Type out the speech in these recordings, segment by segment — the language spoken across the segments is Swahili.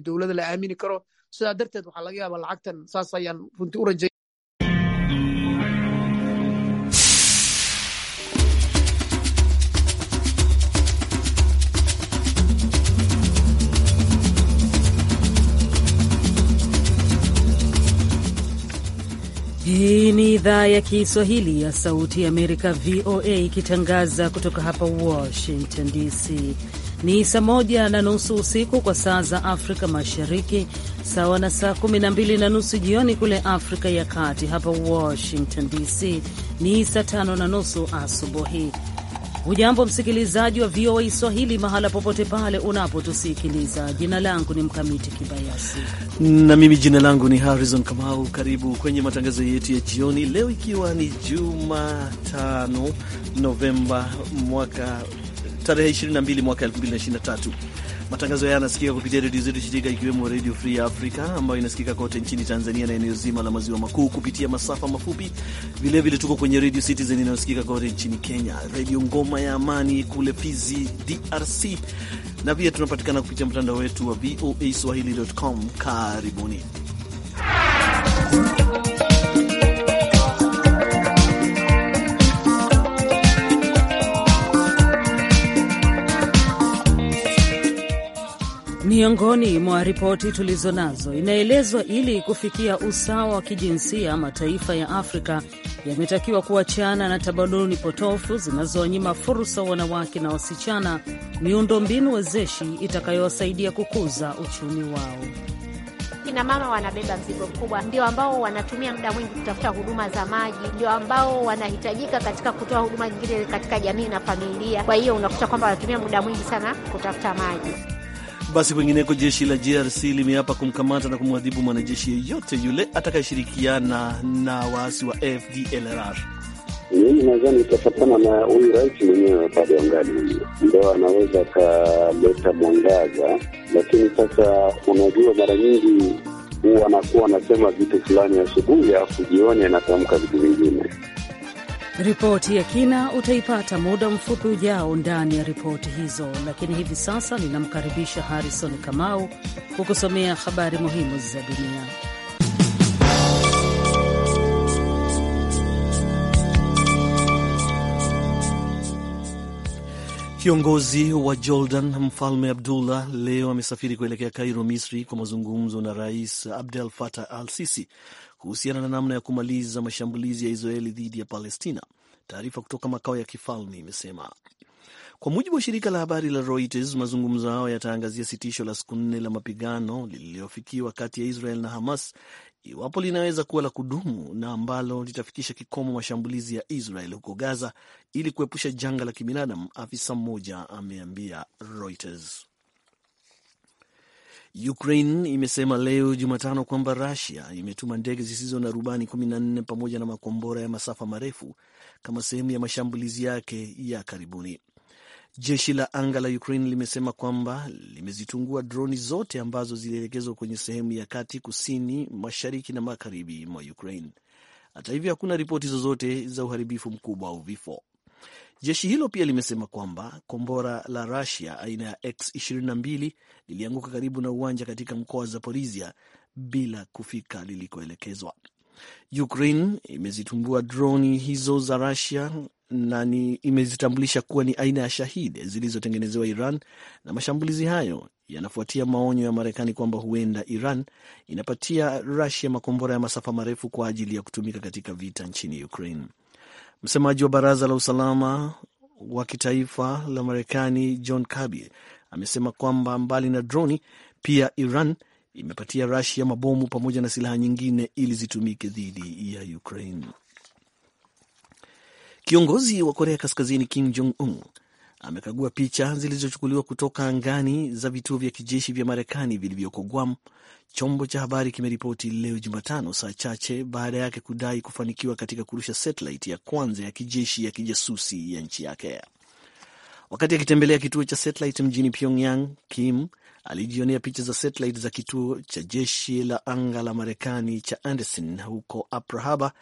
dowlada la aamini karo sidaa darteed waxaa laga yaabaa lacagtan saas ayaan runtii u rajay Hii ni idhaa ya Kiswahili ya Sauti ya Amerika, VOA, ikitangaza kutoka hapa Washington DC. Ni saa moja na nusu usiku kwa saa za Afrika Mashariki, sawa na saa kumi na mbili na nusu jioni kule Afrika ya Kati. Hapa Washington DC ni saa tano na nusu asubuhi. Hujambo msikilizaji wa VOA Swahili mahala popote pale unapotusikiliza. Jina langu ni Mkamiti Kibayasi na mimi jina langu ni Harrison Kamau. Karibu kwenye matangazo yetu ya jioni leo, ikiwa ni Jumatano Novemba mwaka tarehe 22 mwaka 2023. Matangazo haya yanasikika kupitia redio zetu shirika, ikiwemo Redio Free ya Africa ambayo inasikika kote nchini Tanzania na eneo zima la maziwa makuu kupitia masafa mafupi. Vilevile tuko kwenye Redio Citizen inayosikika kote nchini Kenya, Redio Ngoma ya Amani kule Fizi, DRC, na pia tunapatikana kupitia mtandao wetu wa voa swahili.com. Karibuni. Miongoni mwa ripoti tulizo nazo inaelezwa, ili kufikia usawa wa kijinsia, mataifa ya Afrika yametakiwa kuachana na tamaduni potofu zinazowanyima fursa wanawake na wasichana miundombinu wezeshi itakayowasaidia kukuza uchumi wao. Kina mama wanabeba mzigo mkubwa, ndio ambao wanatumia muda mwingi kutafuta huduma za maji, ndio ambao wanahitajika katika kutoa huduma nyingine katika jamii na familia. Kwa hiyo unakuta kwamba wanatumia muda mwingi sana kutafuta maji. Basi kwingineko, jeshi la GRC limeapa kumkamata na kumwadhibu mwanajeshi yeyote yule atakayeshirikiana na waasi wa FDLR. Mimi nadhani itafatana na huyu rais mwenyewe, bado angali huyu ndo anaweza akaleta mwangaza, lakini sasa, unajua mara nyingi huwa anakuwa anasema vitu fulani asubuhi, afu jioni anatamka vitu vingine. Ripoti ya kina utaipata muda mfupi ujao ndani ya ripoti hizo, lakini hivi sasa ninamkaribisha Harrison Kamau kukusomea habari muhimu za dunia. Kiongozi wa Jordan Mfalme Abdullah leo amesafiri kuelekea Cairo, Misri, kwa mazungumzo na Rais Abdel Fattah al Sisi kuhusiana na namna ya kumaliza mashambulizi ya Israeli dhidi ya Palestina, taarifa kutoka makao ya kifalme imesema. Kwa mujibu wa shirika la habari la Reuters, mazungumzo hayo yataangazia sitisho la siku nne la mapigano lililofikiwa kati ya Israel na Hamas, iwapo linaweza kuwa la kudumu na ambalo litafikisha kikomo mashambulizi ya Israel huko Gaza ili kuepusha janga la kibinadamu, afisa mmoja ameambia Reuters. Ukraine imesema leo Jumatano kwamba rasia imetuma ndege zisizo na rubani 14 pamoja na makombora ya masafa marefu kama sehemu ya mashambulizi yake ya karibuni. Jeshi la anga la Ukraine limesema kwamba limezitungua droni zote ambazo zilielekezwa kwenye sehemu ya kati, kusini, mashariki na magharibi mwa Ukraine. Hata hivyo, hakuna ripoti zozote za uharibifu mkubwa au vifo. Jeshi hilo pia limesema kwamba kombora la Rusia aina ya X-22 lilianguka karibu na uwanja katika mkoa wa zaporisia bila kufika lilikoelekezwa. Ukraine imezitumbua droni hizo za Rusia na ni imezitambulisha kuwa ni aina ya Shahid zilizotengenezewa Iran, na mashambulizi hayo yanafuatia maonyo ya Marekani kwamba huenda Iran inapatia Rusia makombora ya masafa marefu kwa ajili ya kutumika katika vita nchini Ukraine. Msemaji wa baraza la usalama wa kitaifa la Marekani John Kirby amesema kwamba mbali na droni, pia Iran imepatia Rusia mabomu pamoja na silaha nyingine ili zitumike dhidi ya Ukraine. Kiongozi wa Korea Kaskazini Kim Jong Un amekagua picha zilizochukuliwa kutoka angani za vituo vya kijeshi vya Marekani vilivyoko Guam, chombo cha habari kimeripoti leo Jumatano, saa chache baada yake kudai kufanikiwa katika kurusha satellite ya kwanza ya kijeshi ya kijasusi ya nchi yake. Wakati akitembelea ya kituo cha satellite mjini Pyongyang, Kim alijionea picha za satellite za kituo cha jeshi la anga la Marekani cha Anderson huko Apra Harbor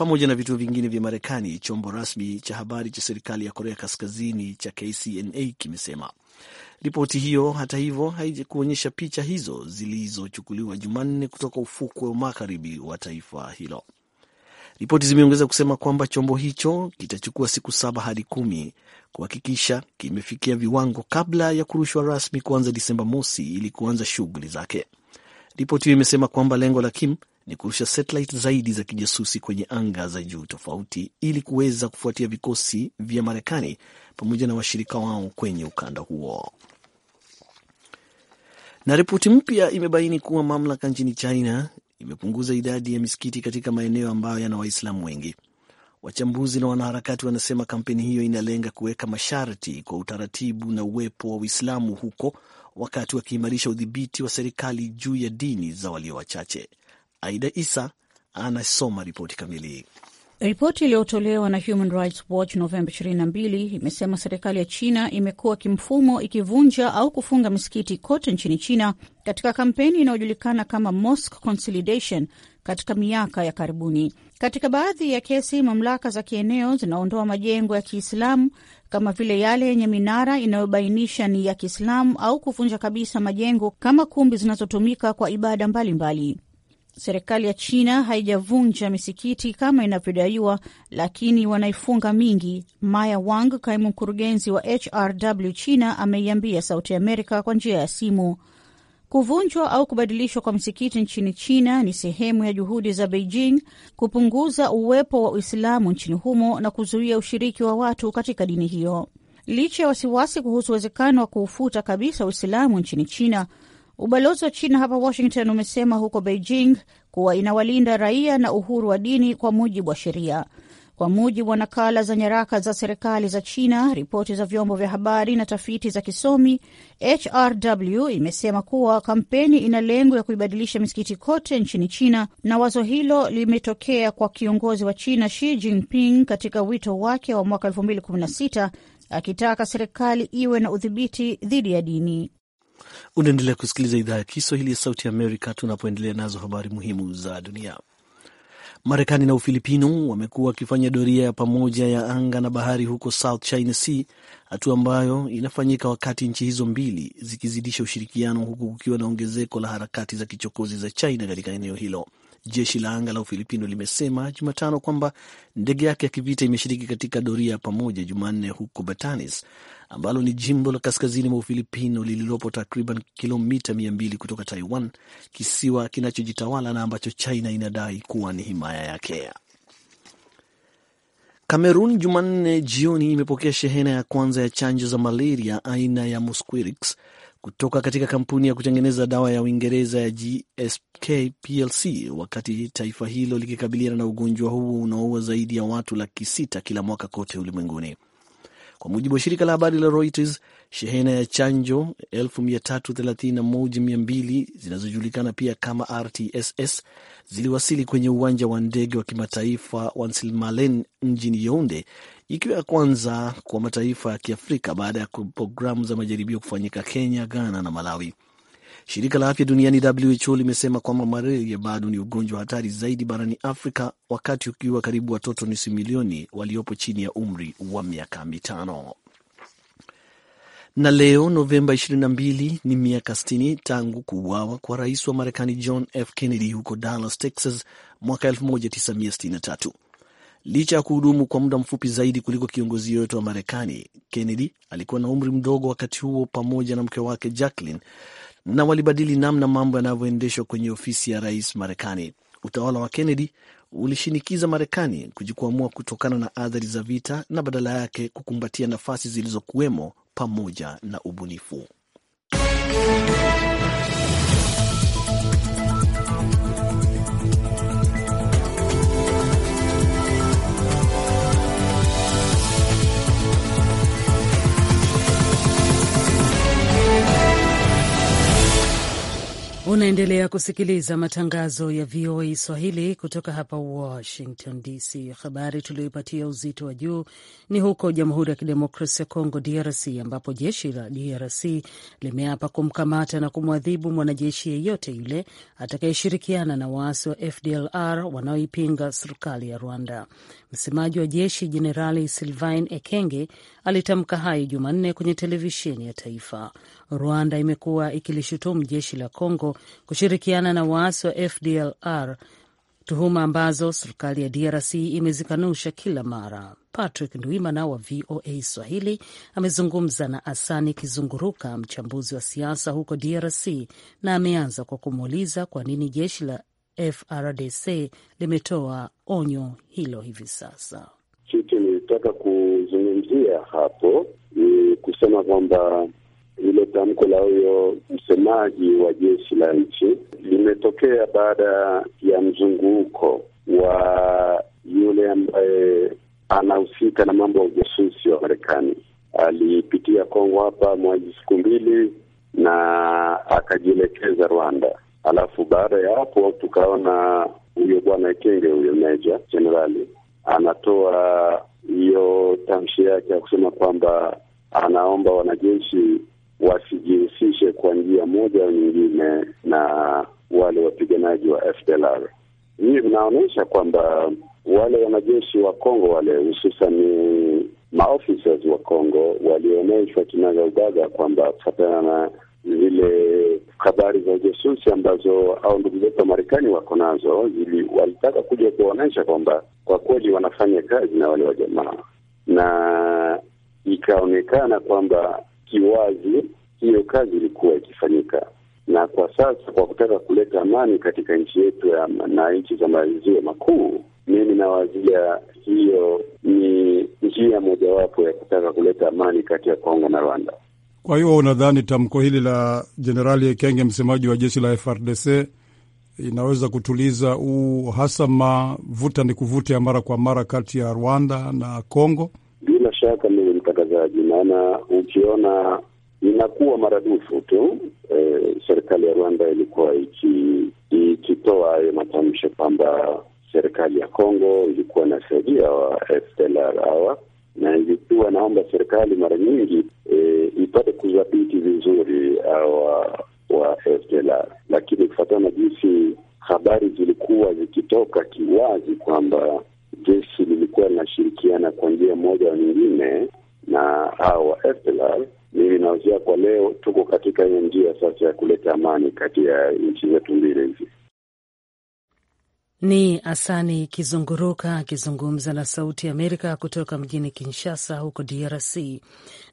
pamoja na vituo vingine vya Marekani. Chombo rasmi cha habari cha serikali ya Korea Kaskazini cha KCNA kimesema ripoti hiyo, hata hivyo, haijakuonyesha picha hizo zilizochukuliwa Jumanne kutoka ufukwe wa magharibi wa taifa hilo. Ripoti zimeongeza kusema kwamba chombo hicho kitachukua siku saba hadi kumi kuhakikisha kimefikia viwango kabla ya kurushwa rasmi kuanza Disemba mosi ili kuanza shughuli zake. Ripoti hiyo imesema kwamba lengo la Kim ni kurusha satellite zaidi za kijasusi kwenye anga za juu tofauti ili kuweza kufuatia vikosi vya Marekani pamoja na washirika wao kwenye ukanda huo. Na ripoti mpya imebaini kuwa mamlaka nchini China imepunguza idadi ya misikiti katika maeneo ambayo yana Waislamu wengi. Wachambuzi na wanaharakati wanasema kampeni hiyo inalenga kuweka masharti kwa utaratibu na uwepo wa Uislamu huko wakati wakiimarisha udhibiti wa serikali juu ya dini za walio wachache. Aida Isa anasoma ripoti kamili. Ripoti iliyotolewa na Human Rights Watch Novemba 22 imesema serikali ya China imekuwa kimfumo ikivunja au kufunga misikiti kote nchini China katika kampeni inayojulikana kama Mosque Consolidation katika miaka ya karibuni. Katika baadhi ya kesi, mamlaka za kieneo zinaondoa majengo ya Kiislamu kama vile yale yenye minara inayobainisha ni ya Kiislamu au kuvunja kabisa majengo kama kumbi zinazotumika kwa ibada mbalimbali mbali. Serikali ya China haijavunja misikiti kama inavyodaiwa, lakini wanaifunga mingi. Maya Wang, kaimu mkurugenzi wa HRW China, ameiambia Sauti Amerika kwa njia ya simu. Kuvunjwa au kubadilishwa kwa msikiti nchini China ni sehemu ya juhudi za Beijing kupunguza uwepo wa Uislamu nchini humo na kuzuia ushiriki wa watu katika dini hiyo. Licha ya wasiwasi kuhusu uwezekano wa kuufuta kabisa Uislamu nchini China, Ubalozi wa China hapa Washington umesema huko Beijing kuwa inawalinda raia na uhuru wa dini kwa mujibu wa sheria. Kwa mujibu wa nakala za nyaraka za serikali za China, ripoti za vyombo vya habari na tafiti za kisomi, HRW imesema kuwa kampeni ina lengo ya kuibadilisha misikiti kote nchini China, na wazo hilo limetokea kwa kiongozi wa China Xi Jinping katika wito wake wa mwaka 2016 akitaka serikali iwe na udhibiti dhidi ya dini. Unaendelea kusikiliza idhaa ya Kiswahili ya Sauti Amerika, tunapoendelea nazo habari muhimu za dunia. Marekani na Ufilipino wamekuwa wakifanya doria ya pamoja ya anga na bahari huko South China Sea, hatua ambayo inafanyika wakati nchi hizo mbili zikizidisha ushirikiano, huku kukiwa na ongezeko la harakati za kichokozi za China katika eneo hilo. Jeshi la anga la Ufilipino limesema Jumatano kwamba ndege yake ya kivita imeshiriki katika doria pamoja Jumanne huko Batanes, ambalo ni jimbo la kaskazini mwa Ufilipino lililopo takriban kilomita mia mbili kutoka Taiwan, kisiwa kinachojitawala na ambacho China inadai kuwa ni himaya yake. Kamerun Jumanne jioni imepokea shehena ya kwanza ya chanjo za malaria aina ya Mosquirix kutoka katika kampuni ya kutengeneza dawa ya Uingereza ya GSK plc wakati taifa hilo likikabiliana na ugonjwa huo unaoua zaidi ya watu laki sita kila mwaka kote ulimwenguni. Kwa mujibu wa shirika la habari la Reuters, shehena ya chanjo 331200 zinazojulikana pia kama RTSS ziliwasili kwenye uwanja wa ndege wa kimataifa wa Nsimalen mjini Younde ikiwa ya kwanza kwa mataifa ya Kiafrika baada ya programu za majaribio kufanyika Kenya, Ghana na Malawi. Shirika la afya duniani WHO limesema kwamba malaria bado ni ugonjwa hatari zaidi barani Afrika, wakati ukiwa karibu watoto nusu milioni waliopo chini ya umri wa miaka mitano. Na leo Novemba 22 ni miaka 60 tangu kuuawa kwa rais wa Marekani John F Kennedy huko Dallas, Texas mwaka 1963. Licha ya kuhudumu kwa muda mfupi zaidi kuliko kiongozi yoyote wa Marekani, Kennedy alikuwa na umri mdogo wakati huo, pamoja na mke wake Jacqueline, na walibadili namna mambo yanavyoendeshwa kwenye ofisi ya rais Marekani. Utawala wa Kennedy ulishinikiza Marekani kujikwamua kutokana na athari za vita na badala yake kukumbatia nafasi zilizokuwemo pamoja na ubunifu. Unaendelea kusikiliza matangazo ya VOA Swahili kutoka hapa Washington DC. Habari tuliyoipatia uzito wa juu ni huko Jamhuri ya Kidemokrasi ya Kongo, DRC, ambapo jeshi la DRC limeapa kumkamata na kumwadhibu mwanajeshi yeyote yule atakayeshirikiana na waasi wa FDLR wanaoipinga serikali ya Rwanda. Msemaji wa jeshi Jenerali Sylvain Ekenge alitamka hayo Jumanne kwenye televisheni ya taifa. Rwanda imekuwa ikilishutumu jeshi la Congo kushirikiana na waasi wa FDLR, tuhuma ambazo serikali ya DRC imezikanusha kila mara. Patrick Ndwimana wa VOA Swahili amezungumza na Asani Kizunguruka, mchambuzi wa siasa huko DRC, na ameanza kwa kumuuliza kwa nini jeshi la FRDC limetoa onyo hilo hivi sasa. Kitu nilitaka kuzungumzia hapo ni kusema kwamba hilo tamko la huyo msemaji wa jeshi la nchi limetokea baada ya mzunguko wa yule ambaye anahusika na mambo ya ujasusi wa Marekani. Alipitia Kongo hapa mwaji siku mbili na akajielekeza Rwanda. Alafu baada ya hapo tukaona huyo bwana Ekenge, huyo meja jenerali, anatoa hiyo tamshi yake ya kusema kwamba anaomba wanajeshi wasijihusishe kwa njia moja au nyingine na wale wapiganaji wa FDLR. Hii inaonyesha kwamba wale wanajeshi wa Kongo wale hususan maofisa wa Kongo walionyeshwa kinaga ubaga kwamba kufatana na zile habari za ujasusi ambazo au ndugu zetu wa Marekani wako nazo, ili walitaka kuja kuonyesha kwamba kwa kweli wanafanya kazi na wale wa jamaa, na ikaonekana kwamba kiwazi hiyo kazi ilikuwa ikifanyika, na kwa sasa kwa kutaka kuleta amani katika nchi yetu ya na nchi za maziwa makuu, mimi nawazia hiyo ni njia mojawapo ya kutaka kuleta amani kati ya Kongo na Rwanda. Kwa hiyo unadhani tamko hili la Jenerali Ekenge, msemaji wa jeshi la FRDC, inaweza kutuliza uhasama, vuta ni kuvuta ya mara kwa mara kati ya Rwanda na Kongo? Bila shaka mimi maana ukiona inakuwa maradufu tu. Eh, serikali ya Rwanda ilikuwa ikitoa hayo matamshi kwamba serikali ya Kongo ilikuwa inasaidia wa FDLR hawa na ilikuwa naomba serikali mara nyingi eh, ipate kudhibiti vizuri hawa wa FDLR, lakini kufuatana na jinsi habari zilikuwa zikitoka kiwazi kwamba jeshi lilikuwa linashirikiana kwa njia moja au nyingine hao wa Estelan. Mimi naosia kwa leo, tuko katika hiyo njia sasa ya kuleta amani kati ya nchi zetu mbili hizi. Ni Asani Kizunguruka akizungumza na Sauti ya Amerika kutoka mjini Kinshasa huko DRC.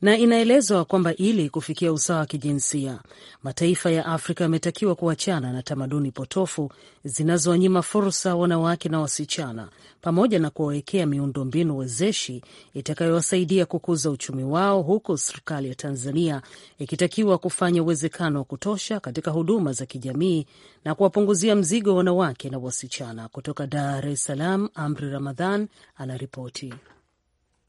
Na inaelezwa kwamba ili kufikia usawa wa kijinsia, mataifa ya Afrika yametakiwa kuachana na tamaduni potofu zinazowanyima fursa wanawake na wasichana pamoja na kuwawekea miundombinu wezeshi itakayowasaidia kukuza uchumi wao, huku serikali ya Tanzania ikitakiwa kufanya uwezekano wa kutosha katika huduma za kijamii na kuwapunguzia mzigo wanawake na wasichana. Kutoka Dar es Salaam, Amri Ramadhan anaripoti.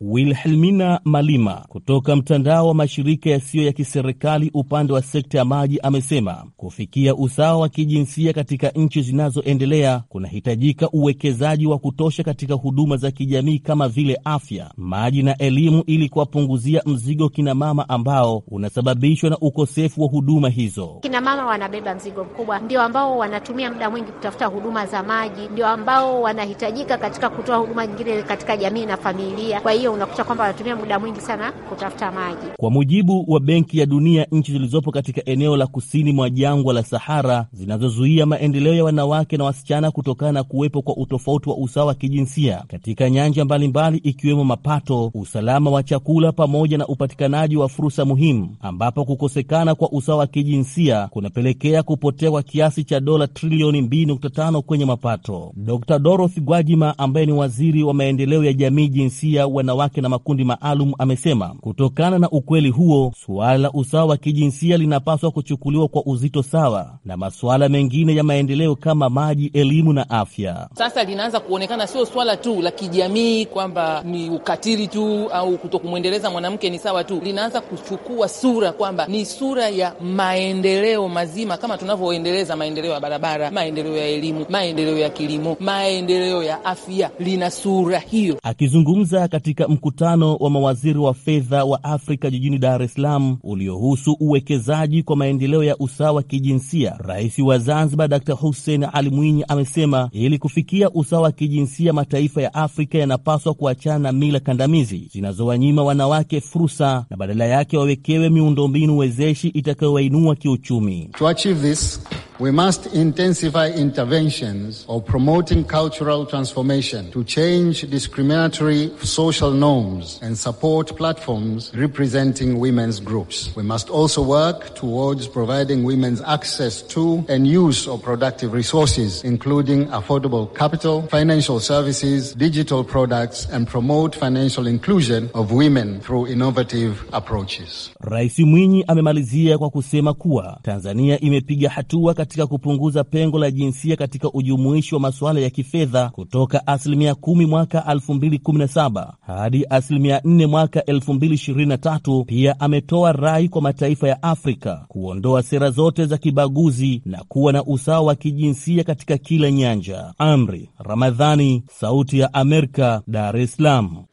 Wilhelmina Malima kutoka mtandao wa mashirika yasiyo ya kiserikali upande wa sekta ya maji amesema kufikia usawa wa kijinsia katika nchi zinazoendelea kunahitajika uwekezaji wa kutosha katika huduma za kijamii kama vile afya, maji na elimu ili kuwapunguzia mzigo kinamama ambao unasababishwa na ukosefu wa huduma hizo. Kinamama wanabeba mzigo mkubwa, ndio ambao wanatumia muda mwingi kutafuta huduma za maji, ndio ambao wanahitajika katika kutoa huduma nyingine katika jamii na familia. Kwa hiyo hiyo unakuta kwamba wanatumia muda mwingi sana kutafuta maji. Kwa mujibu wa Benki ya Dunia, nchi zilizopo katika eneo la kusini mwa jangwa la Sahara zinazozuia maendeleo ya wanawake na wasichana kutokana na kuwepo kwa utofauti wa usawa wa kijinsia katika nyanja mbalimbali mbali, ikiwemo mapato, usalama wa chakula, pamoja na upatikanaji wa fursa muhimu, ambapo kukosekana kwa usawa wa kijinsia kunapelekea kupotea kwa kiasi cha dola trilioni 2.5 kwenye mapato. Dr. Dorothy Gwajima ambaye ni waziri wa maendeleo ya jamii, jinsia, wanawake wanawake na makundi maalum, amesema kutokana na ukweli huo, suala la usawa wa kijinsia linapaswa kuchukuliwa kwa uzito sawa na masuala mengine ya maendeleo kama maji, elimu na afya. Sasa linaanza kuonekana sio swala tu la kijamii kwamba ni ukatili tu au kutokumwendeleza mwanamke ni sawa tu, linaanza kuchukua sura kwamba ni sura ya maendeleo mazima kama tunavyoendeleza maendeleo ya barabara, maendeleo ya elimu, maendeleo ya kilimo, maendeleo ya afya, lina sura hiyo. Akizungumza katika mkutano wa mawaziri wa fedha wa Afrika jijini Dar es Salaam uliohusu uwekezaji kwa maendeleo ya usawa kijinsia, rais wa Zanzibar Dr Hussein Ali Mwinyi amesema ili kufikia usawa wa kijinsia, mataifa ya Afrika yanapaswa kuachana na mila kandamizi zinazowanyima wanawake fursa na badala yake wawekewe miundombinu wezeshi itakayowainua kiuchumi. To achieve this We must intensify interventions of promoting cultural transformation to change discriminatory social norms and support platforms representing women's groups. We must also work towards providing women's access to and use of productive resources, including affordable capital, financial services, digital products, and promote financial inclusion of women through innovative approaches. Rais Mwinyi amemalizia kwa kusema kuwa Tanzania imepiga hatua katika kupunguza pengo la jinsia katika ujumuishi wa masuala ya kifedha kutoka asilimia 10 mwaka 2017 hadi asilimia 4 mwaka 2023. Pia ametoa rai kwa mataifa ya Afrika kuondoa sera zote za kibaguzi na kuwa na usawa wa kijinsia katika kila nyanja. Amri Ramadhani, Sauti ya Amerika, Dar es Salaam.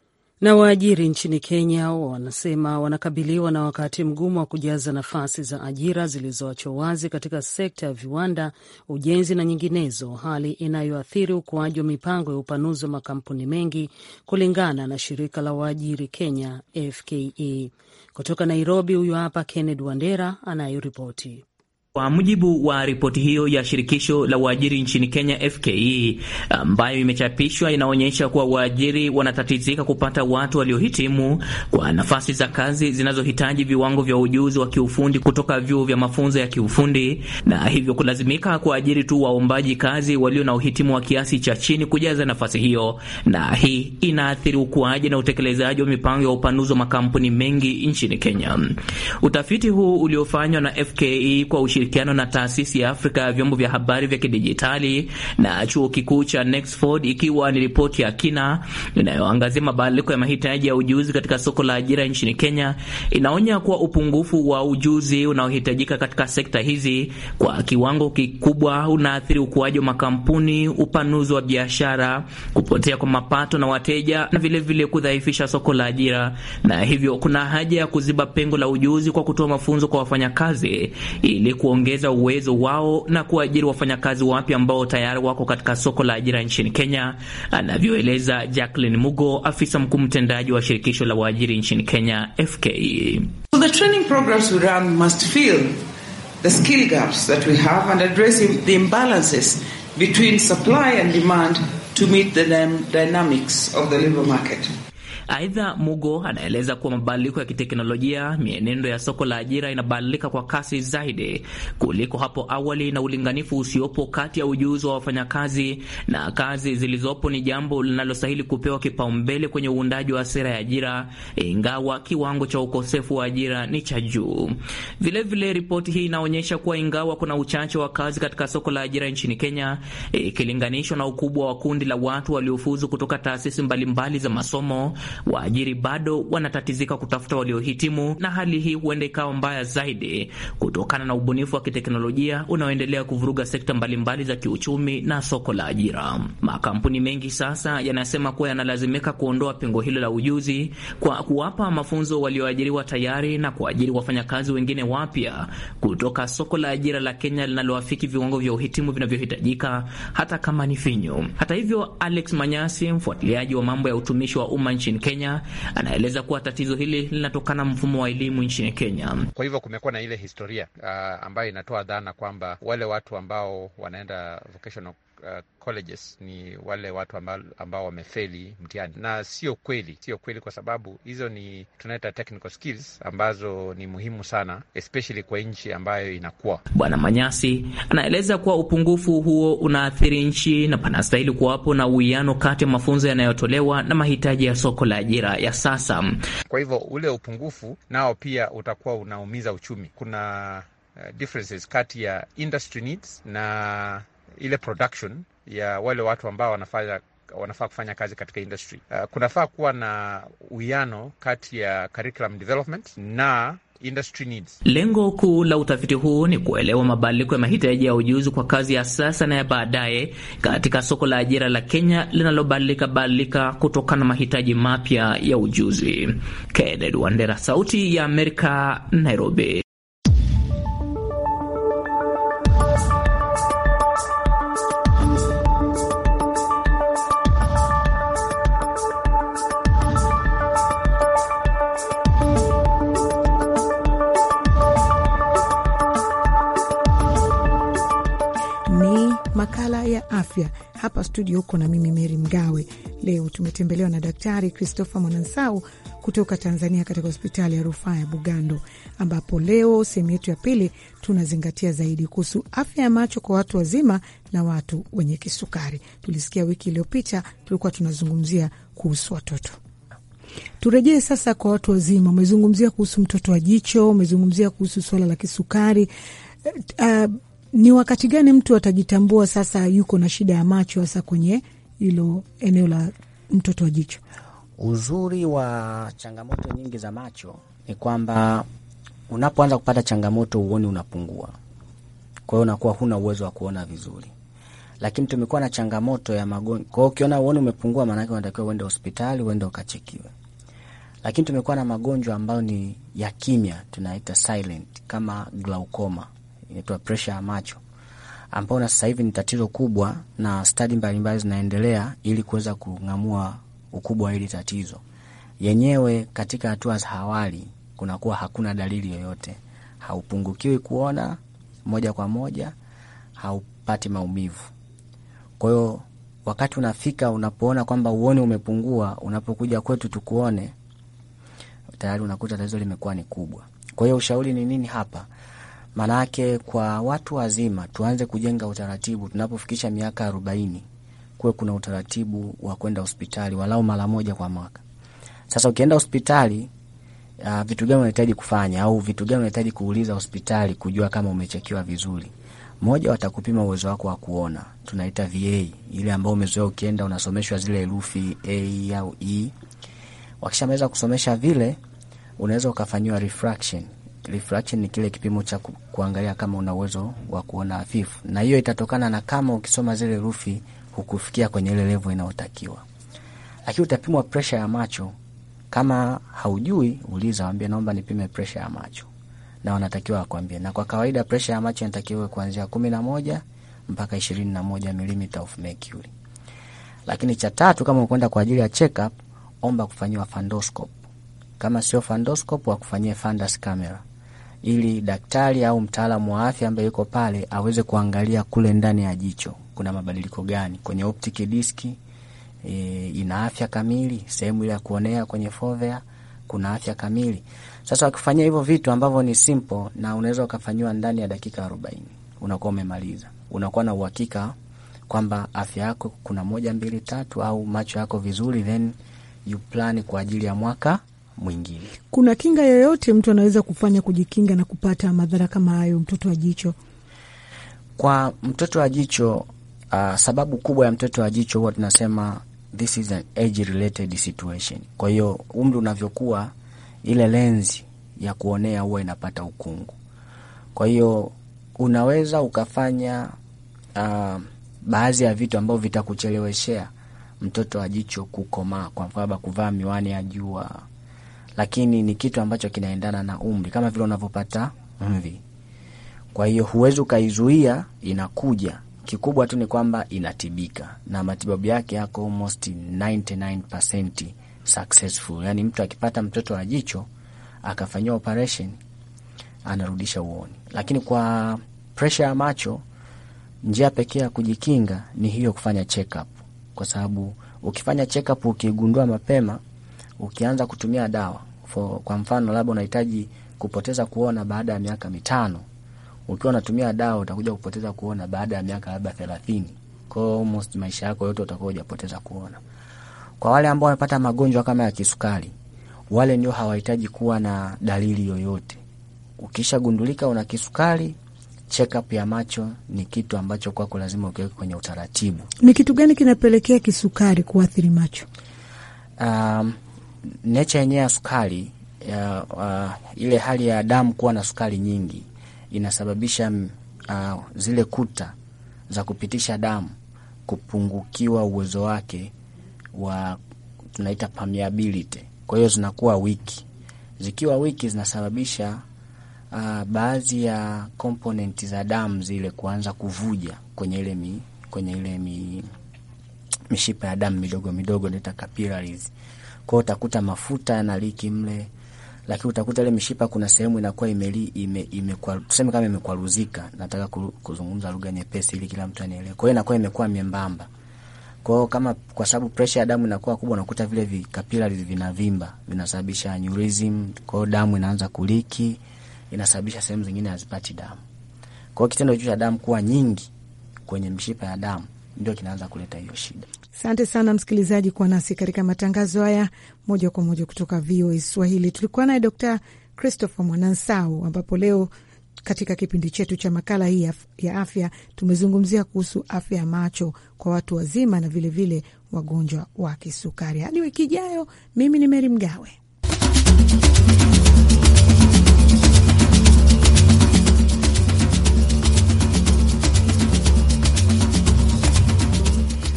Na waajiri nchini Kenya wanasema wanakabiliwa na wakati mgumu wa kujaza nafasi za ajira zilizoachwa wazi katika sekta ya viwanda, ujenzi na nyinginezo, hali inayoathiri ukuaji wa mipango ya upanuzi wa makampuni mengi, kulingana na shirika la waajiri Kenya, FKE. Kutoka Nairobi, huyo hapa kenned Wandera anayoripoti kwa mujibu wa ripoti hiyo ya shirikisho la waajiri nchini Kenya FKE ambayo imechapishwa, inaonyesha kuwa waajiri wanatatizika kupata watu waliohitimu kwa nafasi za kazi zinazohitaji viwango vya ujuzi wa kiufundi kutoka vyuo vya mafunzo ya kiufundi, na hivyo kulazimika kuajiri tu waombaji kazi walio na uhitimu wa kiasi cha chini kujaza nafasi hiyo, na hii inaathiri ukuaji na utekelezaji wa mipango ya upanuzi wa makampuni mengi nchini Kenya. Utafiti huu uliofanywa na FKE kwa ushiri ushirikiano na taasisi ya Afrika ya vyombo vya habari vya kidijitali na chuo kikuu cha Nexford, ikiwa ni ripoti ya kina inayoangazia mabadiliko ya mahitaji ya ujuzi katika soko la ajira nchini Kenya, inaonya kuwa upungufu wa ujuzi unaohitajika katika sekta hizi kwa kiwango kikubwa unaathiri ukuaji wa makampuni, upanuzi wa biashara, kupotea kwa mapato na wateja, na vilevile kudhaifisha soko la ajira, na hivyo kuna haja ya kuziba pengo la ujuzi kwa kutoa mafunzo kwa wafanyakazi ili kuwa kuongeza uwezo wao na kuajiri wafanyakazi wapya ambao tayari wako katika soko la ajira nchini Kenya, anavyoeleza Jacqueline Mugo, afisa mkuu mtendaji wa shirikisho la waajiri nchini Kenya FKE. So the training programs we run must fill the skill gaps that we have and address the imbalances between supply and demand to meet the dynamics of the labor market. Aidha, Mugo anaeleza kuwa mabadiliko ya kiteknolojia, mienendo ya soko la ajira inabadilika kwa kasi zaidi kuliko hapo awali, na ulinganifu usiopo kati ya ujuzi wa wafanyakazi na kazi zilizopo ni jambo linalostahili kupewa kipaumbele kwenye uundaji wa sera ya ajira, ingawa kiwango cha ukosefu wa ajira ni cha juu. Vilevile, ripoti hii inaonyesha kuwa ingawa kuna uchache wa kazi katika soko la ajira nchini Kenya ikilinganishwa na ukubwa wa kundi la watu waliofuzu kutoka taasisi mbalimbali za masomo waajiri bado wanatatizika kutafuta waliohitimu, na hali hii huenda ikawa mbaya zaidi kutokana na ubunifu wa kiteknolojia unaoendelea kuvuruga sekta mbalimbali za kiuchumi na soko la ajira. Makampuni mengi sasa yanasema kuwa yanalazimika kuondoa pengo hilo la ujuzi kwa kuwapa mafunzo walioajiriwa tayari na kuajiri wafanyakazi wengine wapya kutoka soko la ajira la Kenya linaloafiki viwango vya uhitimu vinavyohitajika hata kama ni finyu. Hata hivyo, Alex Manyasi, mfuatiliaji wa mambo ya utumishi wa umma nchini Kenya, anaeleza kuwa tatizo hili linatokana mfumo wa elimu nchini Kenya. Kwa hivyo kumekuwa na ile historia uh, ambayo inatoa dhana kwamba wale watu ambao wanaenda vocational uh, colleges ni wale watu ambao, ambao wamefeli mtihani, na sio kweli, sio kweli, kwa sababu hizo ni tunaita technical skills ambazo ni muhimu sana especially kwa nchi ambayo inakuwa. Bwana Manyasi anaeleza kuwa upungufu huo unaathiri nchi na panastahili kuwapo na uwiano kati ya mafunzo yanayotolewa na mahitaji ya soko la ajira ya sasa. Kwa hivyo ule upungufu nao pia utakuwa unaumiza uchumi. Kuna Uh, differences kati ya industry needs na ile production ya wale watu ambao wanafanya wanafaa kufanya kazi katika industry. Uh, kunafaa kuwa na uwiano kati ya curriculum development na industry needs. Lengo kuu la utafiti huu ni kuelewa mabadiliko ya mahitaji ya ujuzi kwa kazi ya sasa na ya baadaye katika soko la ajira la Kenya linalobadilika badilika kutokana na mahitaji mapya ya ujuzi. Kennedy Wandera, Sauti ya Amerika, Nairobi. hapa studio huko na mimi Meri Mgawe. Leo tumetembelewa na Daktari Christopher Mwanansau kutoka Tanzania katika hospitali ya rufaa ya Bugando, ambapo leo sehemu yetu ya pili tunazingatia zaidi kuhusu afya ya macho kwa watu wazima na watu wenye kisukari. Tulisikia wiki iliyopita tulikuwa tunazungumzia kuhusu watoto. Turejee sasa kwa watu wazima. Umezungumzia kuhusu mtoto wa jicho, umezungumzia kuhusu swala la kisukari. Uh, ni wakati gani mtu atajitambua sasa yuko na shida ya macho, hasa kwenye hilo eneo la mtoto wa jicho? Uzuri wa changamoto nyingi za macho ni kwamba unapoanza kupata changamoto, uoni unapungua, kwa hiyo unakuwa huna uwezo wa kuona vizuri lakini tumekuwa na changamoto ya magonjwa. Kwa hiyo ukiona uoni umepungua, maanake unatakiwa uende hospitali, uende ukachekiwe. Lakini tumekuwa na magonjwa ambayo ni ya kimya, tunaita silent, kama glaucoma inaitwa presha ya macho, ambao na sasa hivi ni tatizo kubwa, na stadi mbalimbali zinaendelea ili kuweza kung'amua ukubwa wa hili tatizo. Yenyewe katika hatua za awali kunakuwa hakuna dalili yoyote, haupungukiwi kuona moja kwa moja, haupati maumivu. Kwa hiyo wakati unafika unapoona kwamba uoni umepungua, unapokuja kwetu tukuone, tayari unakuta tatizo limekuwa ni kubwa. Kwa hiyo ushauri ni nini hapa? Maanake kwa watu wazima tuanze kujenga utaratibu, tunapofikisha miaka arobaini kuwe kuna utaratibu wa kwenda hospitali walau mara moja kwa mwaka. Sasa ukienda hospitali uh, vitu gani unahitaji kufanya au vitu gani unahitaji kuuliza hospitali kujua kama umechekiwa vizuri? Moja, watakupima uwezo wako wa kuona, tunaita VA ile ambayo umezoea ukienda unasomeshwa zile herufi A au E. Wakishamaliza kusomesha vile, unaweza ukafanyiwa refraction refraction ni kile kipimo cha kuangalia kama una uwezo wa kuona hafifu, na hiyo itatokana na kama ukisoma zile rufi hukufikia kwenye ile level inayotakiwa. Lakini utapimwa pressure ya macho, kama haujui uliza, waambie naomba nipime pressure ya macho, na wanatakiwa wakwambie. Na kwa kawaida pressure ya macho inatakiwa kuanzia kumi na moja mpaka ishirini na moja milimita of mercury. Lakini cha tatu, kama ukwenda kwa ajili ya check up, omba kufanyiwa fundoscope. Kama sio fundoscope, wakufanyie fundus camera ili daktari au mtaalamu wa afya ambaye yuko pale aweze kuangalia kule ndani ya jicho kuna mabadiliko gani kwenye optic disk. E, ina afya kamili, sehemu ile ya kuonea kwenye fovea kuna afya kamili. Sasa wakifanyia hivyo vitu ambavyo ni simple na unaweza ukafanyiwa ndani ya dakika 40 unakuwa umemaliza, unakuwa na uhakika kwamba afya yako kuna moja mbili tatu, au macho yako vizuri, then you plan kwa ajili ya mwaka mwingine. Kuna kinga yoyote mtu anaweza kufanya kujikinga na kupata madhara kama hayo mtoto wa jicho? Kwa mtoto wa jicho uh, sababu kubwa ya mtoto wa jicho huwa tunasema this is an age related situation. Kwa hiyo umri unavyokuwa, ile lenzi ya kuonea huwa inapata ukungu. Kwa hiyo unaweza ukafanya uh, baadhi ya vitu ambavyo vitakucheleweshea mtoto wa jicho kukomaa, kwa mfano kuvaa miwani ya jua lakini ni kitu ambacho kinaendana na umri, kama vile unavyopata mvi. Kwa hiyo huwezi ukaizuia, inakuja. Kikubwa tu ni kwamba inatibika na matibabu yake yako almost 99% successful. Yani mtu akipata mtoto wa jicho akafanyiwa operation anarudisha uoni, lakini kwa pressure ya macho njia pekee ya kujikinga ni hiyo, kufanya check up, kwa sababu ukifanya check up ukigundua mapema ukianza kutumia dawa for, kwa mfano labda unahitaji kupoteza kuona baada ya miaka mitano, ukiwa unatumia dawa utakuja kupoteza kuona baada ya miaka labda thelathini. Kwa hiyo almost maisha yako yote utakuwa hujapoteza kuona. Kwa wale ambao wamepata magonjwa kama ya kisukari, wale ndio hawahitaji kuwa na dalili yoyote. Ukishagundulika una kisukari, check up ya macho ni kitu ambacho kwako lazima ukiweke kwenye utaratibu. Ni kitu gani kinapelekea kisukari kuathiri macho? Um, nature yenyewe ya sukari ya, uh, ile hali ya damu kuwa na sukari nyingi inasababisha uh, zile kuta za kupitisha damu kupungukiwa uwezo wake wa tunaita permeability. Kwa hiyo zinakuwa wiki, zikiwa wiki zinasababisha uh, baadhi ya component za damu zile kuanza kuvuja kwenye ile mi, kwenye ile mi, mishipa ya damu midogo midogo naita capillaries kwao utakuta mafuta yanaliki mle, lakini utakuta ile mishipa kuna sehemu inakuwa imeli ime, ime kwa, tuseme kama imekwaruzika. Nataka kuzungumza lugha nyepesi ili kila mtu anielewe. Kwa hiyo inakuwa imekuwa miembamba Kwa hiyo kama kwa sababu pressure ya damu inakuwa kubwa, unakuta vile vikapilari vinavimba, vinasababisha aneurysm. Kwa hiyo damu inaanza kuliki, inasababisha sehemu zingine hazipati damu. Kwa hiyo kitendo hicho cha damu kuwa nyingi kwenye mishipa ya damu ndio kinaanza kuleta hiyo shida. Asante sana msikilizaji kuwa nasi katika matangazo haya moja kwa moja kutoka VOA Swahili. Tulikuwa naye Dr Christopher Mwanansau, ambapo leo katika kipindi chetu cha makala hii ya afya tumezungumzia kuhusu afya ya macho kwa watu wazima na vilevile vile wagonjwa wa kisukari. Hadi wiki ijayo, mimi ni Meri Mgawe.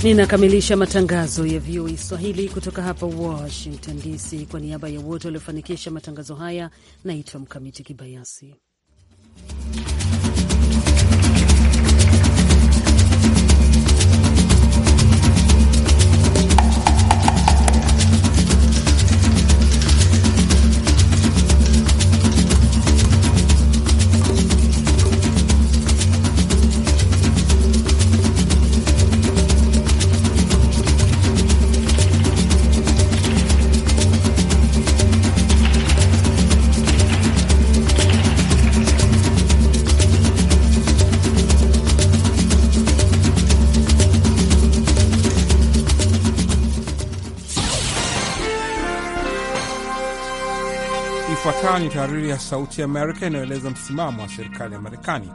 Ninakamilisha matangazo ya VOA Swahili kutoka hapa Washington DC. Kwa niaba ya wote waliofanikisha matangazo haya, naitwa Mkamiti Kibayasi. ni tahariri ya Sauti ya Amerika inayoeleza msimamo wa serikali ya Marekani.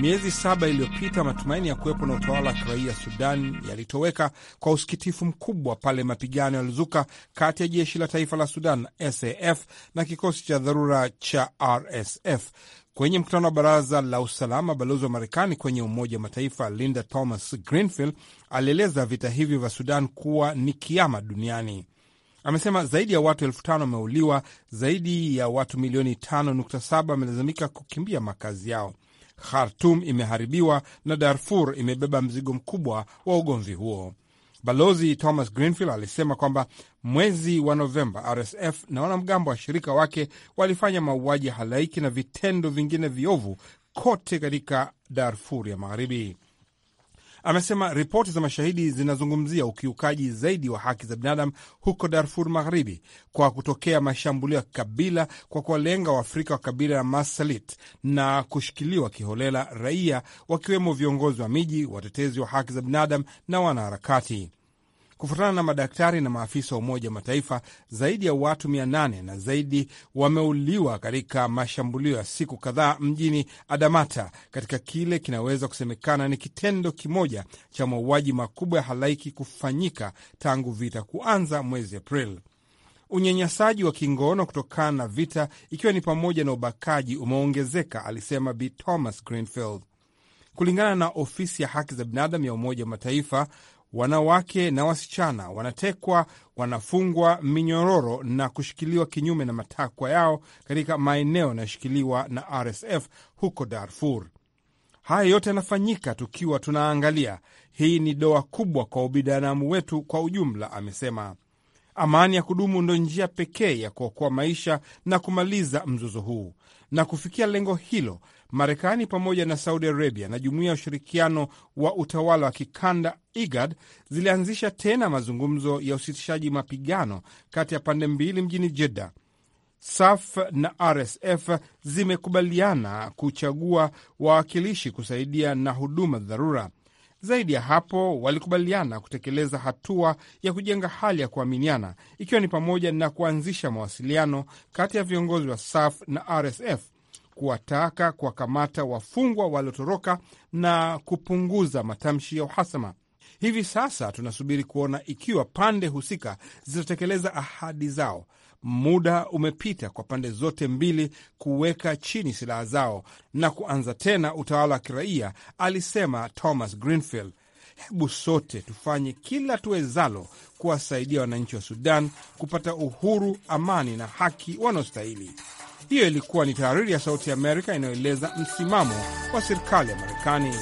Miezi saba iliyopita, matumaini ya kuwepo na utawala wa kiraia Sudan yalitoweka kwa usikitifu mkubwa pale mapigano yalizuka kati ya jeshi la taifa la Sudan SAF na kikosi cha dharura cha RSF. Kwenye mkutano wa baraza la usalama, balozi wa Marekani kwenye Umoja wa Mataifa Linda Thomas Greenfield alieleza vita hivyo vya Sudan kuwa ni kiama duniani. Amesema zaidi ya watu elfu tano wameuliwa, zaidi ya watu milioni 5.7 wamelazimika kukimbia makazi yao. Khartum imeharibiwa na Darfur imebeba mzigo mkubwa wa ugomvi huo. Balozi Thomas Greenfield alisema kwamba mwezi wa Novemba RSF na wanamgambo wa shirika wake walifanya mauaji halaiki na vitendo vingine viovu kote katika Darfur ya Magharibi. Amesema ripoti za mashahidi zinazungumzia ukiukaji zaidi wa haki za binadamu huko Darfur Magharibi kwa kutokea mashambulio ya kikabila kwa kuwalenga Waafrika wa kabila la Masalit na kushikiliwa kiholela raia wakiwemo viongozi wa miji, watetezi wa haki za binadamu na wanaharakati. Kufuatana na madaktari na maafisa wa Umoja wa Mataifa, zaidi ya watu 8 na zaidi wameuliwa katika mashambulio ya siku kadhaa mjini Adamata, katika kile kinaweza kusemekana ni kitendo kimoja cha mauaji makubwa ya halaiki kufanyika tangu vita kuanza mwezi Aprili. Unyanyasaji wa kingono kutokana na vita, ikiwa ni pamoja na ubakaji, umeongezeka, alisema Bi Thomas Greenfield. Kulingana na ofisi ya haki za binadamu ya Umoja wa Mataifa, wanawake na wasichana wanatekwa, wanafungwa minyororo na kushikiliwa kinyume na matakwa yao katika maeneo yanayoshikiliwa na RSF huko Darfur. Haya yote yanafanyika tukiwa tunaangalia. Hii ni doa kubwa kwa ubinadamu wetu kwa ujumla, amesema. Amani ya kudumu ndo njia pekee ya kuokoa maisha na kumaliza mzozo huu. Na kufikia lengo hilo, Marekani pamoja na Saudi Arabia na Jumuiya ya Ushirikiano wa Utawala wa Kikanda IGAD zilianzisha tena mazungumzo ya usitishaji mapigano kati ya pande mbili mjini Jeddah. SAF na RSF zimekubaliana kuchagua wawakilishi kusaidia na huduma dharura. Zaidi ya hapo, walikubaliana kutekeleza hatua ya kujenga hali ya kuaminiana, ikiwa ni pamoja na kuanzisha mawasiliano kati ya viongozi wa SAF na RSF kuwataka kuwakamata wafungwa waliotoroka na kupunguza matamshi ya uhasama. Hivi sasa tunasubiri kuona ikiwa pande husika zitatekeleza ahadi zao. Muda umepita kwa pande zote mbili kuweka chini silaha zao na kuanza tena utawala wa kiraia, alisema Thomas Greenfield. Hebu sote tufanye kila tuwezalo kuwasaidia wananchi wa Sudan kupata uhuru, amani na haki wanaostahili. Hiyo ilikuwa ni tahariri ya Sauti ya Amerika inayoeleza msimamo wa serikali ya Marekani.